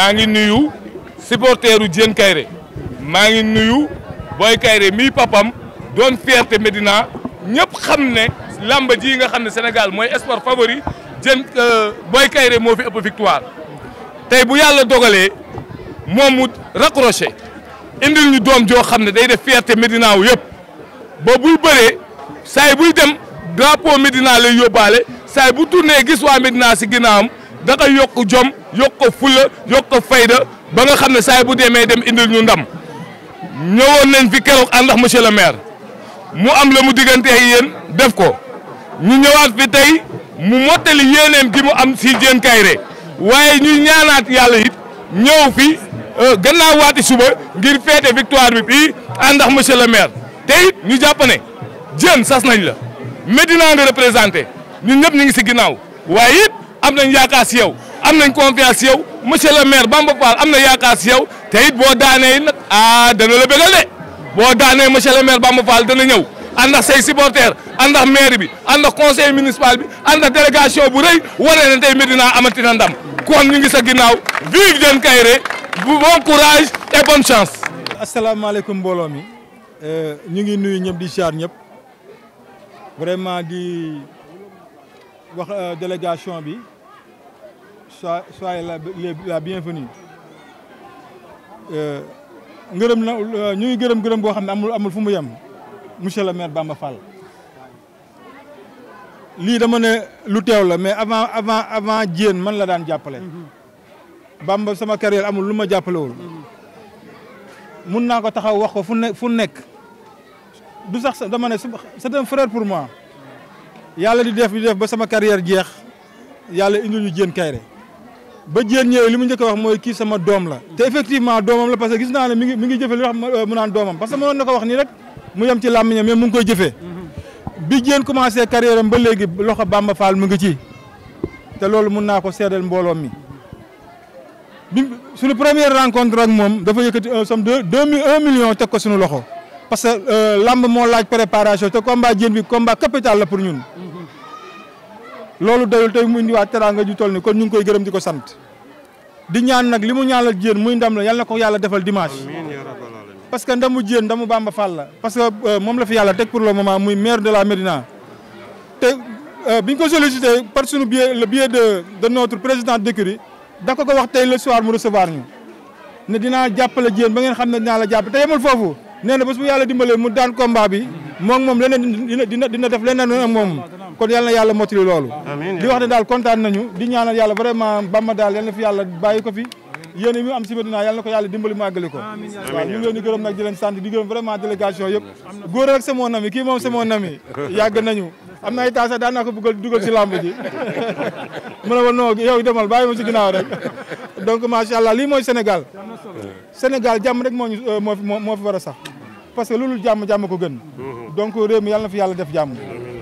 maa ngi nuyu supporteru Diène Kairé maa ngi nuyu Boy Kairé mii papam doon fierté Médina ñëpp xam ne làmb ji nga xam ne Sénégal mooy sport favori Diène euh, Boy Kairé moo fi ëpp victoire tey bu yàlla dogalee moom mu raccroché indil ñu doom joo xam ne day def fierté Médina wu yëpp ba buy saay buy dem drapeau Médina lay yóbbaale saay bu tourné gis waa Médina si ginnaawam da koy yokk jom yokk ko fulla yokk ko fayda ba nga xam ne saay bu demee dem indil ñu ndam ñëwoon nañ fi keroog àndax monsieur le maire mu am la mu diggante ak yéen def ko ñu ñëwaat fi tey mu mottali yéeneem gi mu am si Diène Kairé waaye ñuy ñaanaat yàlla it ñëw fi euh, gannaaw waati suba ngir feete victoire bi fii àndax monsieur le maire te ñu jàpp ne Diène sas nañ la Médina nga ñu ñun ñëpp ñu ngi si ginnaaw waaye it am nañ yaakaar si am nañ confiance si yow le maire Bamba Fall am na yaakaar si yow te it boo daanee it nag ah dana la bëggal de boo daanee monsieur le maire Bamba Fall dana ñëw ànd ak say supporters ànd ak maire bi ànd ak conseil municipal bi ànd ak délégation bu rëy wane na tey Médina amati na ndam kon ñu ngi sa ginnaaw vive Diène Kairé bon courage et bonne chance. asalaamaaleykum mbooloo mi euh, ñu ngi nuyu ñëpp di ziar ñëpp vraiment di wax euh, bi. soyez soyez la la bienvenue euh, ngërëm na ñu ngi gërëm gërëm boo xam ne amul amul fu mu yem monsieur le maire Bamba Fall. lii dama ne lu teew la mais avant avant avant Diène man la daan jàppale. Mm-hmm. Bamba sama carrière amul lu ma jàppalewul mm-hmm. mun naa ko taxaw wax ko fu nekk du sax dama ne c'est un frère pour moi yàlla di def di def ba sama carrière jeex yàlla indil ñu Diène Kairé ba jéen ñëwee li mu njëkk a wax mooy kii sama doom la te effectivement doomam la parce que gis naa ne mi ngi mi ngi jëfe li wax mu naan doomam parce que mënoon na ko wax nii rek mu yem ci làmmiñam mais mu ngi ko jëfee bi jéen commencé carrière am ba léegi loxo Bamba Fall mu ngi ci te loolu mun naa ko seedal mbooloo mi bi suñu première rencontre ak moom dafa yëkkati un somme de un million teg ko suñu loxo parce que euh, làmb moo laaj préparation te combat jéen bi combat capital la pour ñun loolu doyul tey mu indiwaat teraanga ju toll ni kon ñu ngi koy gërëm di ko sant di ñaan nag li mu ñaanal jéen muy ndam la yal na ko yàlla defal dimanche parce que ndamu jéen ndamu Bamba Fall la parce que euh, moom la fi yàlla teg pour le moment muy maire de la Médina te euh, bi ñu ko sollicité par sunu biais le biais de de notre président d'écurie da ko ko wax tey le soir mu recevoir ñu ne dinaa jàppale jéen ba ngeen xam ne dinaa la jàpp te yemul foofu nee na bés bu yàlla dimbalee mu daan combat bi moom moom leen dina dina dina def leneen ak moom kon yàlla na yàlla motali loolu di wax ne daal kontaan nañu di ñaanal yàlla vraiment Bamba daal yàlla na fi yàlla bàyyi ko fi yéen i mu am si Medina yàlla ko yàlla dimbali mu àggale ko waaw ñu ngi leen di gërëm nag di leen sant di gërëm vraiment délégation yëpp góor rek sama nami kii moom sama nami yàgg nañu am na ay taasa daan naa ko bëgg dugal ci làmb ji mu ne woon non demal bàyyi ma si ginnaaw rek donc macha allah lii mooy Sénégal Sénégal jàmm rek moo ñu euh, moo war a sax parce que loolu jàmm jàmm ko gën mm-hmm. donc réew mi yàlla fi yàlla def jàmm.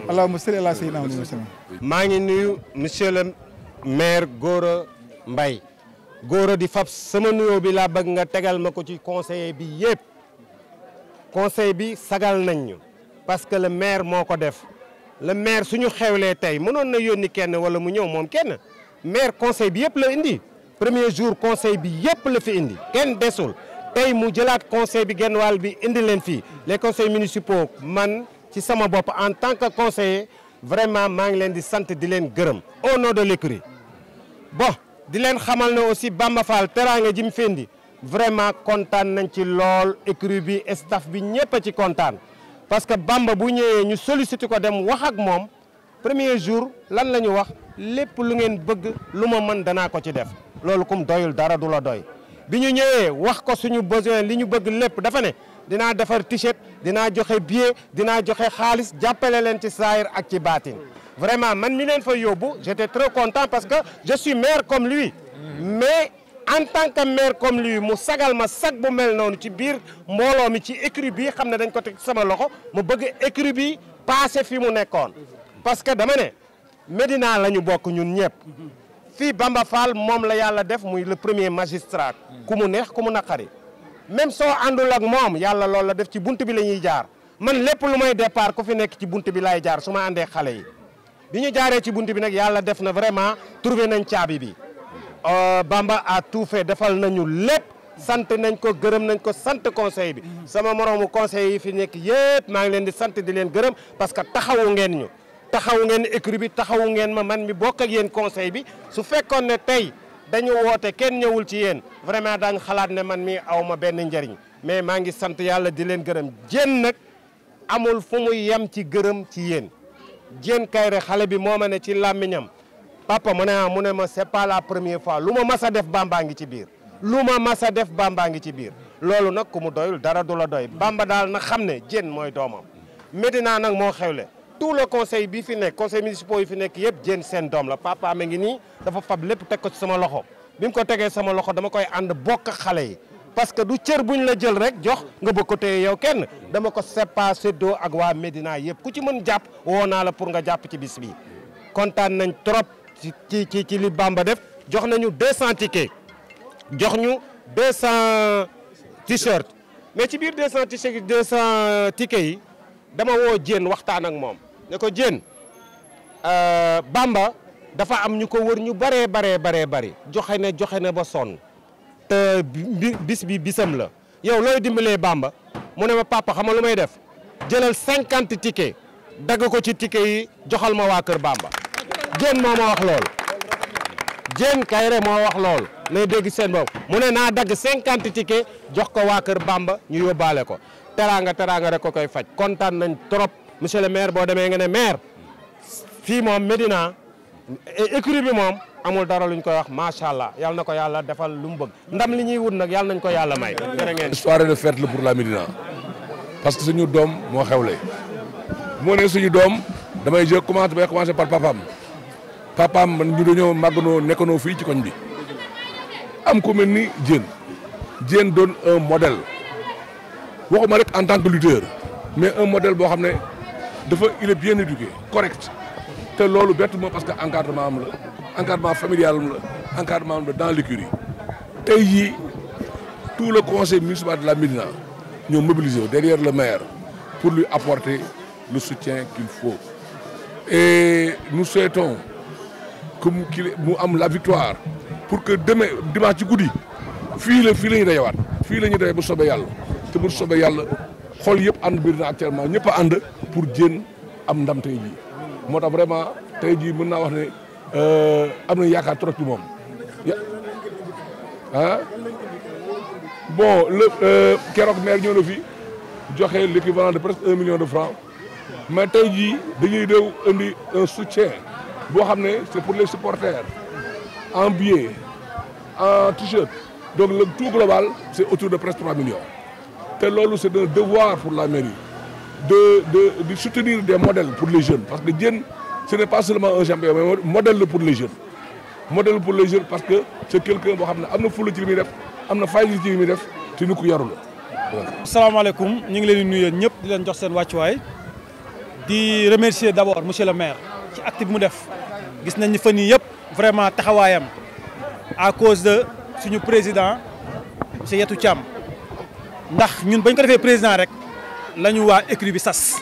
allahumma salli ala sayyidina Muhammad wa sallam. maa ngi nuyu monsieur le maire Gora mbay Gora di fab sama nuyoo bi laa bëgg nga tegal ma ko ci conseiller bi yëpp conseil bi sagal nañ ñu parce que le maire moo ko def le maire suñu xewlee tey mënoon na yónni kenn wala mu ñëw moom kenn maire conseil bi yëpp la indi premier jour conseil bi yëpp la fi indi kenn desul. tey mu jëlaat conseil bi genn wàll bi indi leen fii les conseils municipaux man ci sama bopp en tant que conseiller vraiment maa ngi leen di sant di leen gërëm au nom de l'écurie bo di leen xamal ne aussi Bamba Fall teraanga ji mu fendi vraiment kontaan nañ ci lool écurie bi staff bi ñëpp a ci kontaan parce que Bamba bu ñëwee ñu sollicité ko dem wax ak moom premier jour lan la ñu wax lépp lu ngeen bëgg lu ma mën danaa ko ci def loolu kum doyul dara du la doy bi ñu ñëwee wax ko suñu besoin li ñu bëgg lépp dafa ne dinaa defar t-shirt dinaa joxe billet dinaa joxe xaalis jàppale leen ci saayir ak ci baatin vraiment man mi leen fa yóbbu j'étais très content parce que je suis maire comme lui mais en tant que maire comme lui mu sagal ma sag bu mel noonu ci biir mbooloo mi ci écrit bii xam ne dañ ko teg sama loxo mu bëgg écrit bi passé fi mu nekkoon parce que dama ne Médina la ñu bokk ñun ñëpp fii Bamba Fall moom la yàlla def muy le premier magistrat ku mu neex ku mu naqari même soo àndul ak moom yàlla loolu la def ci bunt bi la ñuy jaar man lépp lu may départ ku fi nekk ci bunt bi laay jaar su ma àndee xale yi bi ñu jaaree ci bunt bi nag yàlla def na vraiment trouvé nañ caabi bi euh, Bamba a tout fait defal nañu lépp sant nañ ko gërëm nañ ko sant conseil bi sama moroomu conseil yi fi nekk yëpp maa ngi leen di sant di leen gërëm parce que taxawu ngeen ñu taxaw ngeen écrit bi taxawu ngeen ma man mi bokk ak yéen conseil bi su fekkoon ne tey dañu woote kenn ñëwul ci yéen vraiment daañ xalaat ne man mi aw ma benn njariñ mais maa ngi sant yàlla di leen gërëm jéen nag amul fu mu yem ci gërëm ci yéen jéen kayre xale bi moo ma ne ci làmmiñam papa mu ne ah mu ne ma c'est pas la première fois lu ma mas a def bàmbaa ngi ci biir lu ma mas a def bàmbaa ngi ci biir loolu nag ku mu doyul dara du la doy bàmba daal na xam ne jéen mooy doomam Medina nag moo xewle tout le conseil bi fi nekk conseil municipal yi fi nekk yëpp jéen seen doom la papa ma ngi nii dafa fab lépp teg ko ci sama loxo bi mu ko tegee sama loxo dama koy ànd bokk xale yi parce que du cër buñ la jël rek jox nga bëgg ko téye yow kenn dama ko seppa séddoo ak waa Médina yëpp ku ci mën jàpp woo naa la pour nga jàpp ci bis bi kontaan nañ trop ci ci ci li Bamba def jox nañu 200 tickets jox ñu 200 t-shirt mais ci biir 200 t-shirt 200 tickets yi dama woo jéen waxtaan ak moom ne ko jéen euh, Bamba dafa am ñu ko wër ñu baree baree baree bari joxe ne joxe ne ba sonn te bis bi bisam la yow looy dimbalee bàmba mu ne ma papa xam nga lu may def jëlal cinquante tike dagg ko ci ticket yi joxal ma waa kër Bamba jéen moo ma wax loolu jéen kayre moo wax loolu lay dégg seen bopp mu ne naa dagg cinquante ticket jox ko waa kër bàmba ñu yóbbaale ko teraanga teraanga rek ko koy faj kontaan nañ trop monsieur le maire boo demee nga ne maire fii moom Médina écurie bi moom amul dara luñ koy wax macha allah yal na ko yàlla defal lu mu bëgg ndam li ñuy wut nag yal nañ ko yàlla may. jërë ngeen soirée de fête la pour la Médina parce que suñu doom moo xewle moo ne suñu doom damay jël commencé bay commencé par papaam papaam man ñu dañoo màgganoo noo fii ci koñ bi am ku mel ni Diène Diène doon un modèle waxuma rek en tant que mais un modèle boo xam ne. dafa il est bien éduqué correct te loolu bett moo parce que encadrement am la encadrement familial am la encadrement am la dans l'écurie tey jii tout le conseil municipal de la Médina ñoo mobilisé derrière le maire pour lui apporter le soutien qu'il faut et nous souhaitons que mu kii mu am la victoire pour que demain dimanche ci guddi fii la fii la ñu dajewaat fii la ñu daje bu soobee yàlla te bu soobee yàlla xool yëpp ànd biir na actuellement ñëpp and pour jéem am ndam tey moo tax vraiment tey jii mën naa wax ne euh, am nañ yaakaar trop ci moom ah bon le euh, keroog maire ñëw na fi joxe l' équivalent de presque un million de francs mais tey jii dañuy déw indi un soutien boo xam ne c' est pour les supporters en billet en t-shirt donc le tout global c' est autour de presque trois millions te loolu c'est un devoir pour la mairie de de de soutenir des modèles pour les jeunes parce que Diène ce n'est pas seulement un champion mais pour les jeunes modèle pour les jeunes parce que c'est quelqu'un boo xam ne am na fulla ci li muy def am na fayda ci li muy def te ni ko yarul asalaamaaleykum ñu ngi leen di nuyu ñëpp di leen jox seen wàccuwaay di remercier d'abord monsieur le maire ci acte bi mu def gis nañ ni fan yii yëpp vraiment taxawaayam à cause de suñu président monsieur Yatou ndax ñun bañ ko defee président rek la ñu waa écrit bi sas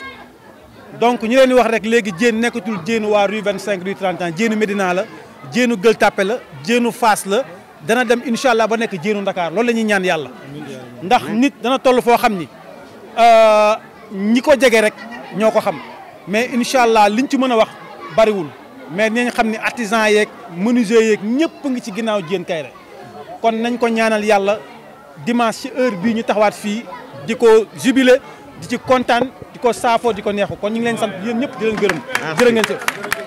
donc ñu leen di wax rek léegi jéen nekkatul jéenu waa rue 25 rue 30 ans la jéenu Gueule Tapée la jéenu faas la dana dem incha allah ba nekk jéenu Ndakaar loolu la ñuy ñaan yàlla ndax nit dana toll foo xam ni euh, ñi ko jege rek ñoo ko xam mais incha allah liñ ci mën a wax bariwul mais dinañ xam ni artisan yeeg menuisier yeeg ñëpp ngi ci ginnaaw jéen kay kon nañ ko ñaanal yàlla dimanche ci heure bii ñu taxawaat fii di ko jubilé di ci kontaan di ko saafoo di ko neexu ko ñu ngi leen sant yéen ñëpp di leen gërëm jërë ngeen jëf